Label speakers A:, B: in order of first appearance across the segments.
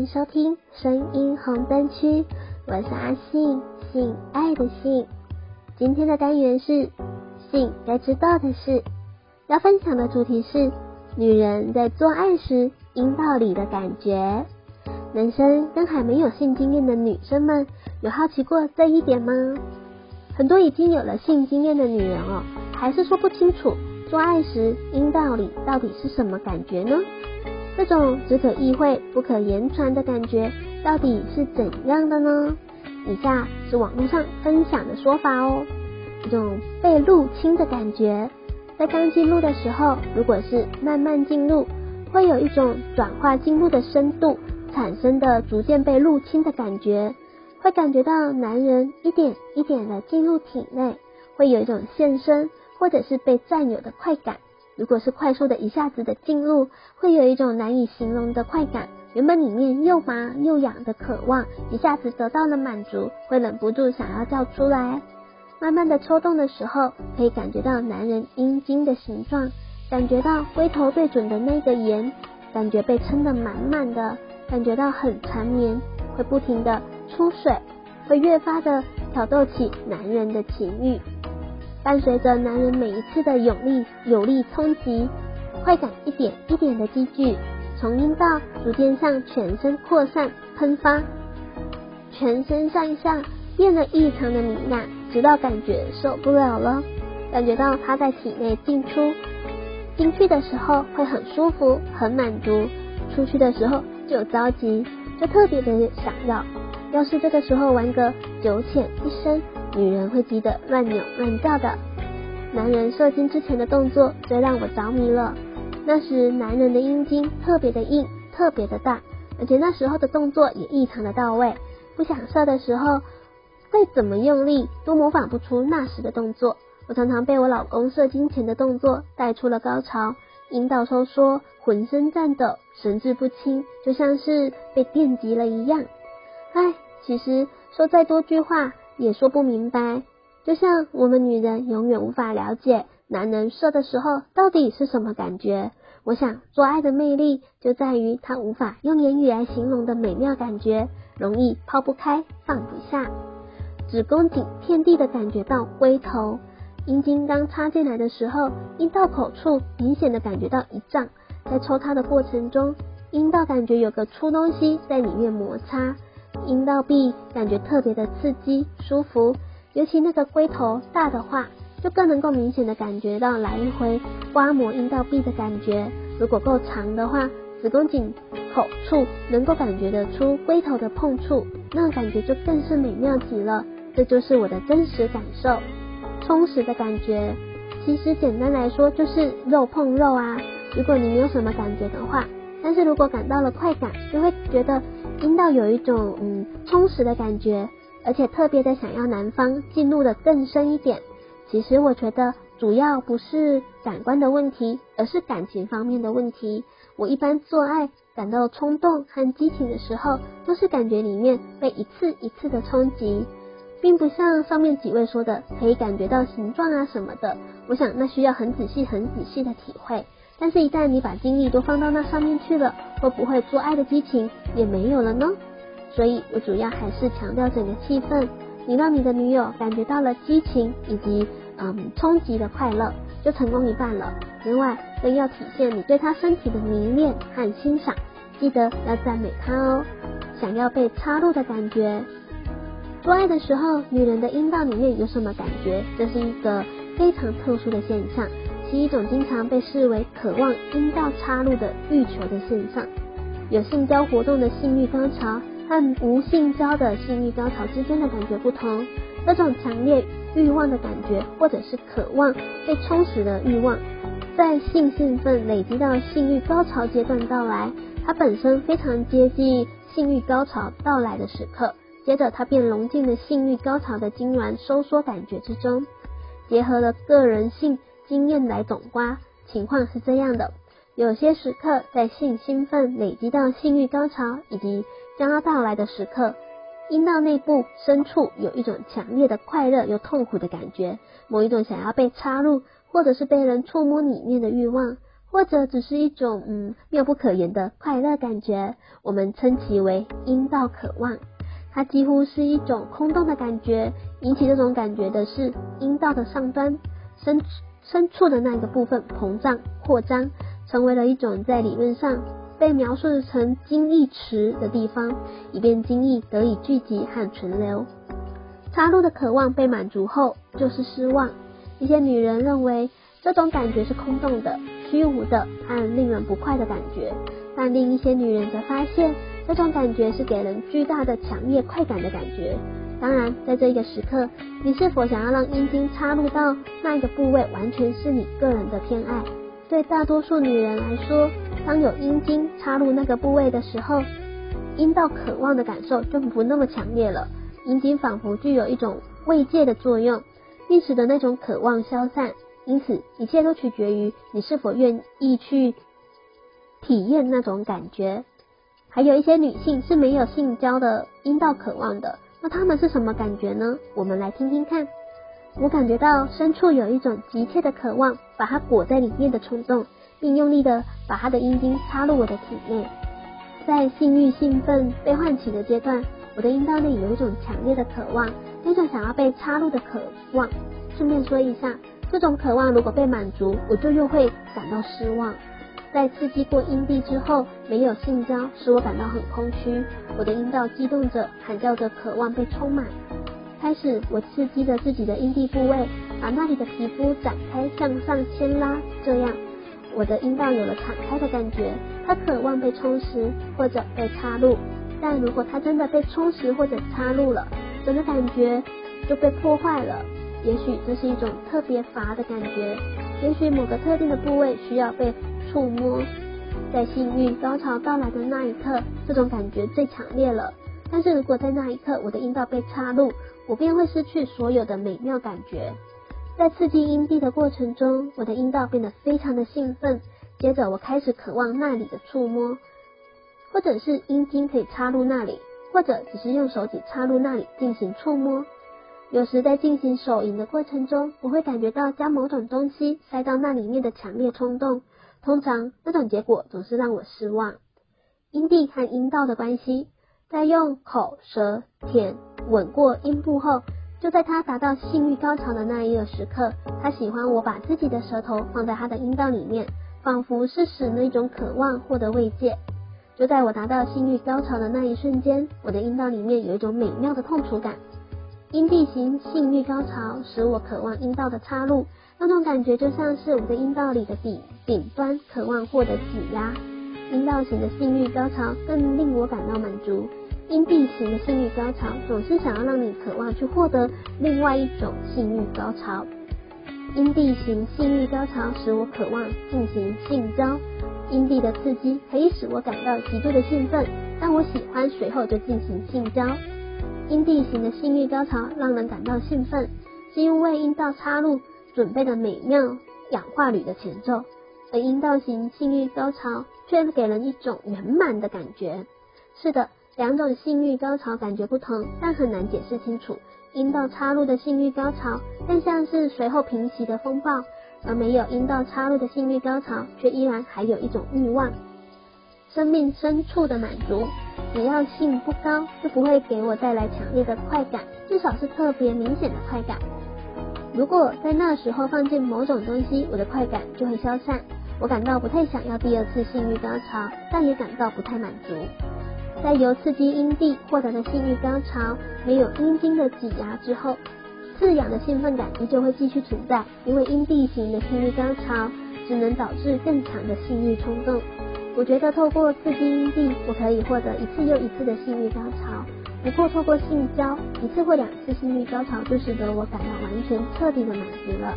A: 歡迎收聽聲音紅燈區，我是阿性，性愛的性。今天的單元是性該知道的事，要分享的主題是女人在做愛時陰道裡的感覺。男生跟還沒有性經驗的女生們，有好奇過這一點嗎？很多已經有了性經驗的女人哦，還是說不清楚做愛時陰道裡到底是什麼感覺呢？這種只可意會不可言傳的感覺到底是怎樣的呢？以下是網絡上分享的說法哦。一種被入侵的感覺，在剛進入的時候，如果是慢慢進入，會有一種轉化進入的深度產生的逐漸被入侵的感覺，會感覺到男人一點一點的進入體內，會有一種獻身或者是被佔有的快感。如果是快速的、一下子的進入，會有一種難以形容的快感。原本裡面又麻又癢的渴望，一下子得到了滿足，會忍不住想要叫出來。慢慢的抽動的時候，可以感覺到男人陰莖的形狀，感覺到龜頭對準的那個眼，感覺被撐得滿滿的，感覺到很纏綿，會不停的出水，會越發的挑逗起男人的情欲。伴隨着男人每一次的有力有力衝擊，快感一點一點的積聚，從陰道逐漸向全身擴散、噴發，全身上下變得異常的敏感，直到感覺受不了了，感覺到他在體內進出，進去的時候會很舒服、很滿足，出去的時候就着急，就特別的想要。要是這個時候玩個九淺一深。女人會急得亂扭亂叫的，男人射精之前的動作最讓我着迷了。那時男人的陰莖特別的硬，特別的大，而且那時候的動作也異常的到位。不想射的時候，再怎麼用力都模仿不出那時的動作。我常常被我老公射精前的動作帶出了高潮，陰道收縮，渾身顫抖，神志不清，就像是被電擊了一樣。唉，其實說再多句話。也說不明白，就像我們女人永遠無法了解男人射的時候到底是什麼感覺。我想，做愛的魅力就在於它無法用言語來形容的美妙感覺，容易拋不開放不下。子宮頸遍地的感覺到龜頭，陰莖剛插進來的時候，陰道口處明顯的感覺到一脹，在抽插的過程中，陰道感覺有個粗東西在裡面摩擦。陰道壁感覺特別的刺激舒服，尤其那個龜頭大的話，就更能夠明顯的感覺到來一回刮磨陰道壁的感覺。如果夠長的話，子宮頸口處能夠感覺得出龜頭的碰觸，那個感覺就更是美妙極了。這就是我的真實感受，充實的感覺。其實簡單來說就是肉碰肉啊。如果你沒有什麼感覺的話，但是如果感到了快感，就會覺得。陰道有一種嗯，充實的感覺，而且特別的想要男方進入的更深一點。其實我覺得主要不是感官的問題，而是感情方面的問題。我一般做愛感到衝動和激情的時候，都是感覺裡面被一次一次的衝擊，並不像上面幾位說的可以感覺到形狀啊什麼的。我想那需要很仔細很仔細的體會。但是，一旦你把精力都放到那上面去了，會不會做愛的激情也沒有了呢？所以，我主要還是強調整個氣氛。你讓你的女友感覺到了激情以及嗯衝擊的快樂，就成功一半了。另外，更要體現你對她身體的迷戀和欣賞，記得要讚美她哦。想要被插入的感覺，做愛的時候，女人的陰道裡面有什麼感覺？這是一個非常特殊的現象。是一種經常被視為渴望陰道插入的慾求的現象。有性交活動的性慾高潮和無性交的性慾高潮之間的感覺不同。那種強烈慾望的感覺，或者是渴望被充實的慾望，在性興奮累積到性慾高潮階段到來，它本身非常接近性慾高潮到來的時刻。接着，它便融進了性慾高潮的痙攣收縮感覺之中，結合了個人性。經驗來種瓜。情況是這樣的：有些時刻在性興奮累積到性欲高潮以及將要到來的時刻，陰道內部深處有一種強烈的快樂又痛苦的感覺，某一種想要被插入或者是被人觸摸裡面的慾望，或者只是一種嗯妙不可言的快樂感覺。我們稱其為陰道渴望。它幾乎是一種空洞的感覺，引起這種感覺的是陰道的上端深處。深處的那個部分膨脹擴張，成為了一種在理論上被描述成精液池的地方，以便精液得以聚集和存留。插入的渴望被滿足後，就是失望。一些女人認為這種感覺是空洞的、虛無的和令人不快的感覺，但另一些女人則發現這種感覺是給人巨大的、強烈快感的感覺。當然，在這個時刻，你是否想要讓陰莖插入到那一個部位，完全是你個人的偏愛。對大多數女人來說，當有陰莖插入那個部位的時候，陰道渴望的感受就不那麼強烈了。陰莖仿佛具有一種慰藉的作用，並使得那種渴望消散。因此，一切都取決於你是否願意去體驗那種感覺。還有一些女性是沒有性交的陰道渴望的。那他們是什麼感覺呢？我們來聽聽看。我感覺到深處有一種急切的渴望，把它裹在裡面的衝動，並用力的把它的陰莖插入我的體內。在性慾興奮被喚起的階段，我的陰道內有一種強烈的渴望，那種想要被插入的渴望。順便說一下，這種渴望如果被滿足，我就又會感到失望。在刺激過陰蒂之後，沒有性交使我感到很空虛。我的陰道激動着，喊叫着，渴望被充滿。開始，我刺激着自己的陰蒂部位，把那裡的皮膚展開、向上牽拉，這樣我的陰道有了敞開的感覺。它渴望被充實，或者被插入。但如果它真的被充實或者插入了，整個感覺就被破壞了。也許這是一種特別乏的感覺。也許某個特定的部位需要被觸摸，在性慾高潮到來的那一刻，這種感覺最強烈了。但是如果在那一刻我的陰道被插入，我便會失去所有的美妙感覺。在刺激陰蒂的過程中，我的陰道變得非常的興奮，接着我開始渴望那裡的觸摸，或者是陰莖可以插入那裡，或者只是用手指插入那裡進行觸摸。有時在進行手淫的過程中，我會感覺到將某種東西塞到那裡面的強烈衝動。通常這種結果總是讓我失望。陰蒂和陰道的關係，在用口舌舔吻過陰部後，就在他達到性欲高潮的那一個時刻，他喜歡我把自己的舌頭放在他的陰道裡面，仿佛是使那種渴望獲得慰藉。就在我達到性欲高潮的那一瞬間，我的陰道裡面有一種美妙的痛楚感。陰蒂型性欲高潮使我渴望陰道的插入，那種感覺就像是我們的陰道裡的底頂，頂端渴望獲得擠壓。陰道型的性欲高潮更令我感到滿足。陰蒂型的性欲高潮總是想要讓你渴望去獲得另外一種性欲高潮。陰蒂型性欲高潮使我渴望進行性交，陰蒂的刺激可以使我感到極度的興奮，但我喜歡隨後就進行性交。陰蒂型的性欲高潮讓人感到興奮，是因為陰道插入準備的美妙氧化鋁的前奏；而陰道型性欲高潮卻給人一種圓滿的感覺。是的，兩種性欲高潮感覺不同，但很難解釋清楚。陰道插入的性欲高潮更像是隨後平息的風暴，而沒有陰道插入的性欲高潮卻依然還有一種欲望。生命深處的滿足，只要性不高就不會給我帶來強烈的快感，至少是特別明顯的快感。如果在那時候放進某種東西，我的快感就會消散。我感到不太想要第二次性慾高潮，但也感到不太滿足。在由刺激陰蒂獲得的性慾高潮沒有陰莖的擠壓之後，刺癢的興奮感依舊會繼續存在，因為陰蒂型的性慾高潮只能導致更強的性慾衝動。我覺得透過刺激陰蒂，我可以獲得一次又一次的性欲高潮。不過透過性交，一次或兩次性欲高潮就使得我感到完全徹底的滿足了。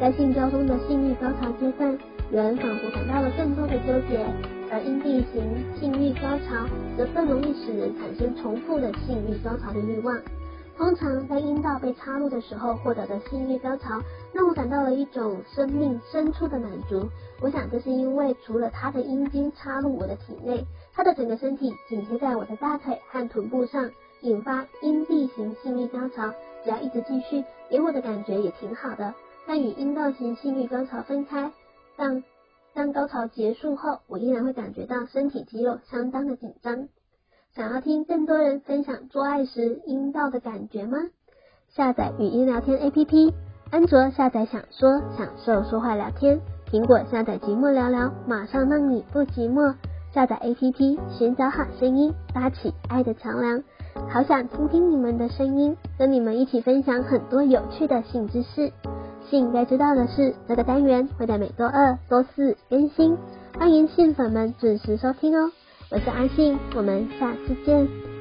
A: 在性交中的性欲高潮階段，人仿佛感到了更多的糾結，而陰蒂型性欲高潮則更容易使人產生重複的性欲高潮的欲望。通常在陰道被插入的時候獲得的性欲高潮，讓我感到了一種生命深處的滿足。我想這是因為除了他的陰莖插入我的體內，他的整個身體緊貼在我的大腿和臀部上，引發陰蒂型性欲高潮，只要一直繼續，給我的感覺也挺好的。但與陰道型性欲高潮分開，當當高潮結束後，我依然會感覺到身體肌肉相當的緊張。想要聽更多人分享做愛時陰道的感覺嗎？下載語音聊天 APP，安卓下載享說享受說話聊天，蘋果下載寂寞聊聊，馬上讓你不寂寞。下載 APP，尋找好聲音，搭起愛的橋樑。好想聽聽你們的聲音，跟你們一起分享很多有趣的性知識。性該知道的事，這個單元會在每週二、週四更新，歡迎性粉們準時收聽哦。我是阿性，我們下次見。